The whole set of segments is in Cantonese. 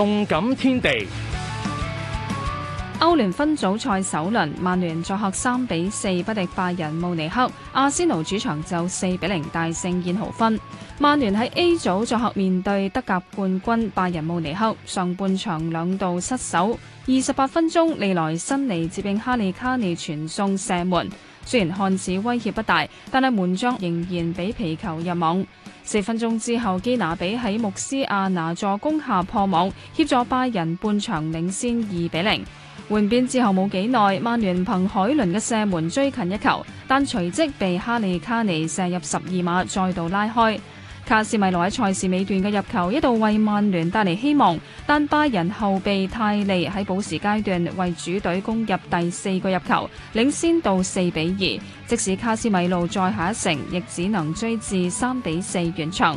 動感天地。歐聯分組賽首輪，曼聯作客三比四不敵拜仁慕尼黑，阿仙奴主場就四比零大勝燕豪芬。曼聯喺 A 組作客面對德甲冠軍拜仁慕尼黑，上半場兩度失守，二十八分鐘利萊辛尼接應哈利卡尼傳送射門。雖然看似威脅不大，但係門將仍然俾皮球入網。四分鐘之後，基拿比喺穆斯阿拿助攻下破網，協助拜仁半場領先二比零。換邊之後冇幾耐，曼聯憑海倫嘅射門追近一球，但隨即被哈利卡尼射入十二碼，再度拉開。卡斯米路喺賽事尾段嘅入球一度為曼聯帶嚟希望，但拜仁後備泰利喺補時階段為主隊攻入第四個入球，領先到四比二。即使卡斯米路再下一城，亦只能追至三比四完場。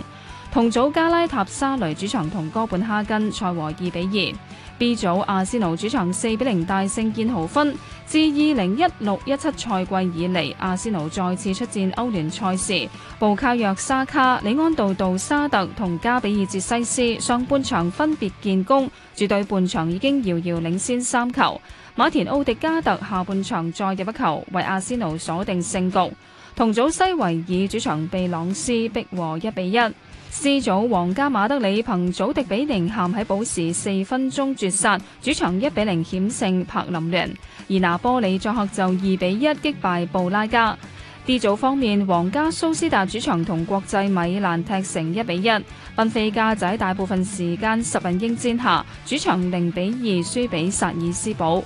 同組加拉塔沙雷主場同哥本哈根賽和二比二。B 組阿仙奴主場四比零大勝燕豪芬。自二零一六一七賽季以嚟，阿仙奴再次出戰歐聯賽事。布卡約沙卡、里安度杜、杜沙特同加比爾捷西斯上半場分別建功，主隊半場已經遙遙領先三球。馬田奧迪加特下半場再入一球，為阿仙奴鎖定勝局。同組西維爾主場被朗斯逼和一比一。C 組皇家馬德里憑祖迪比寧咸喺補時四分鐘絕殺，主場一比零險勝柏林聯；而拿波里作客就二比一擊敗布拉加。D 組方面，皇家蘇斯達主場同國際米蘭踢成一比一，本菲加仔大部分時間十人應戰下，主場零比二輸俾薩爾斯堡。